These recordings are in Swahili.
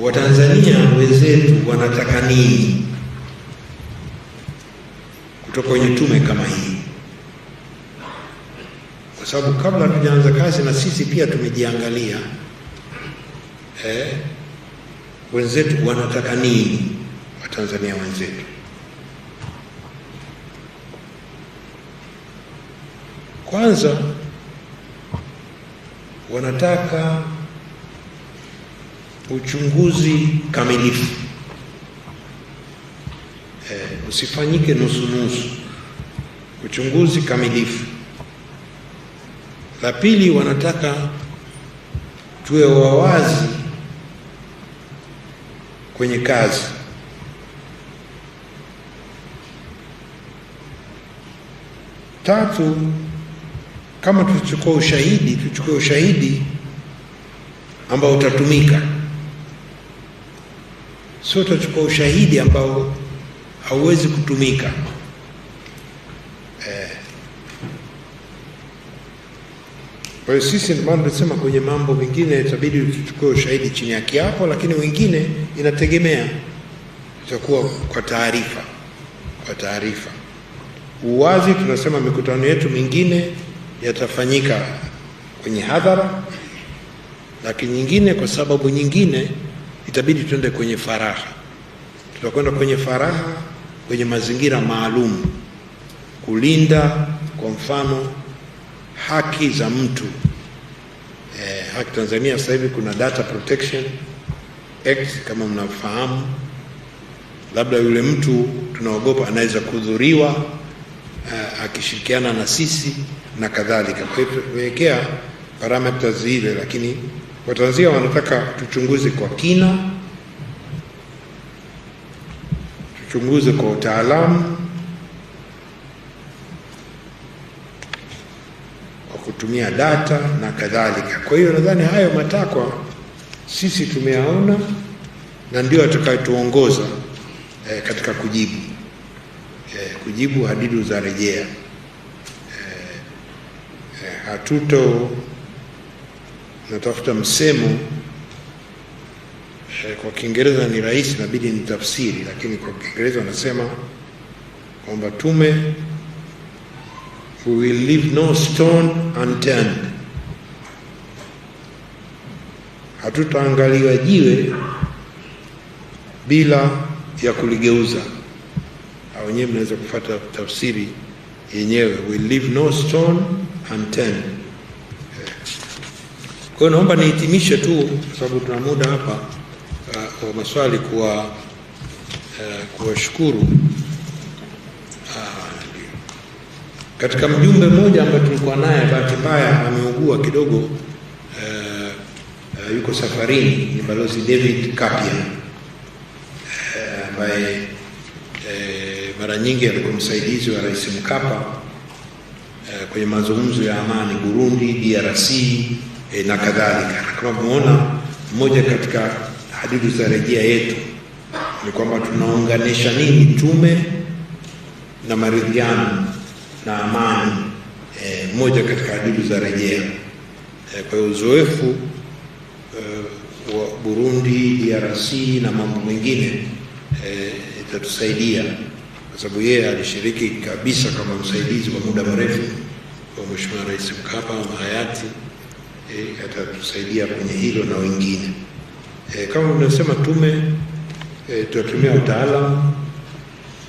Watanzania wenzetu wanataka nini kutoka kwenye tume kama hii, kwa sababu kabla hatujaanza kazi na sisi pia tumejiangalia eh, wenzetu wanataka nini, Watanzania wenzetu. Kwanza wanataka uchunguzi kamilifu e, usifanyike nusu nusu, uchunguzi kamilifu. La pili, wanataka tuwe wawazi kwenye kazi. Tatu, kama tuchukua ushahidi, tuchukue ushahidi ambao utatumika sio tutachukua ushahidi ambao hauwezi kutumika eh. Kwa hiyo sisi ndio maana tunasema kwenye mambo mengine itabidi tuchukue ushahidi chini ya kiapo, lakini wengine inategemea itakuwa kwa taarifa. Kwa taarifa uwazi, tunasema mikutano yetu mingine yatafanyika kwenye hadhara, lakini nyingine kwa sababu nyingine itabidi tuende kwenye faraha. Tutakwenda kwenye faraha kwenye mazingira maalum, kulinda kwa mfano haki za mtu eh, haki Tanzania sasa hivi kuna Data Protection Act kama mnafahamu, labda yule mtu tunaogopa anaweza kudhuriwa uh, akishirikiana na sisi na kadhalika. Kwa hiyo tumewekea parameters zile, lakini Watanzania wanataka tuchunguze kwa kina, tuchunguze kwa utaalamu kwa kutumia data na kadhalika. Kwa hiyo nadhani hayo matakwa sisi tumeyaona na ndio atakayetuongoza eh, katika kujibu eh, kujibu hadidu za rejea eh, eh, hatuto natafuta msemo eh, kwa Kiingereza ni rahisi, ni tafsiri lakini kwa Kiingereza wanasema kwamba tume, we will leave no stone unturned, hatutaangalia jiwe bila ya kuligeuza. wenyewe mnaweza kufuata tafsiri yenyewe, we will leave no stone unturned kwa hiyo naomba nihitimishe tu, kwa sababu tuna muda hapa uh, wa maswali, kuwa uh, kuwashukuru uh, katika mjumbe mmoja ambaye tulikuwa naye, bahati mbaya ameugua kidogo uh, uh, yuko safarini, ni Balozi David Kapia uh, ambaye uh, uh, mara nyingi alikuwa msaidizi wa Rais Mkapa uh, kwenye mazungumzo ya amani Burundi, DRC e, na kadhalika. Kama tumeona mmoja katika hadidu za rejea yetu ni kwamba tunaunganisha nini tume na maridhiano na amani, e, moja katika hadidu za rejea e, kwa hiyo uzoefu e, wa Burundi, DRC na mambo mengine e, itatusaidia kwa sababu yeye alishiriki kabisa kama msaidizi kwa muda mrefu wa Mheshimiwa Rais Mkapa wa hayati e, atatusaidia kwenye hilo na wengine e, kama tunasema tume e, tutatumia utaalamu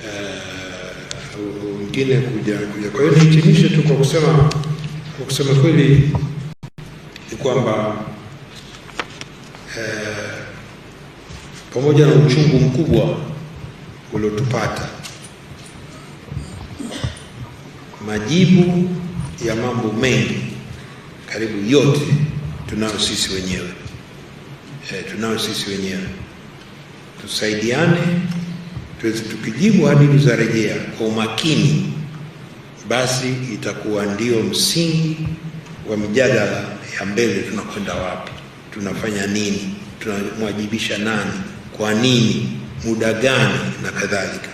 e, wengine kuja kuja. Kwa hiyo nihitimishe tu kwa kusema kwa kusema kweli ni kwamba e, pamoja na uchungu mkubwa uliotupata majibu ya mambo mengi karibu yote tunayo sisi wenyewe e, eh, tunayo sisi wenyewe. Tusaidiane tuweze, tukijibu hadidu za rejea kwa umakini, basi itakuwa ndio msingi wa mijadala ya mbele. Tunakwenda wapi? Tunafanya nini? Tunamwajibisha nani? Kwa nini? Muda gani? na kadhalika.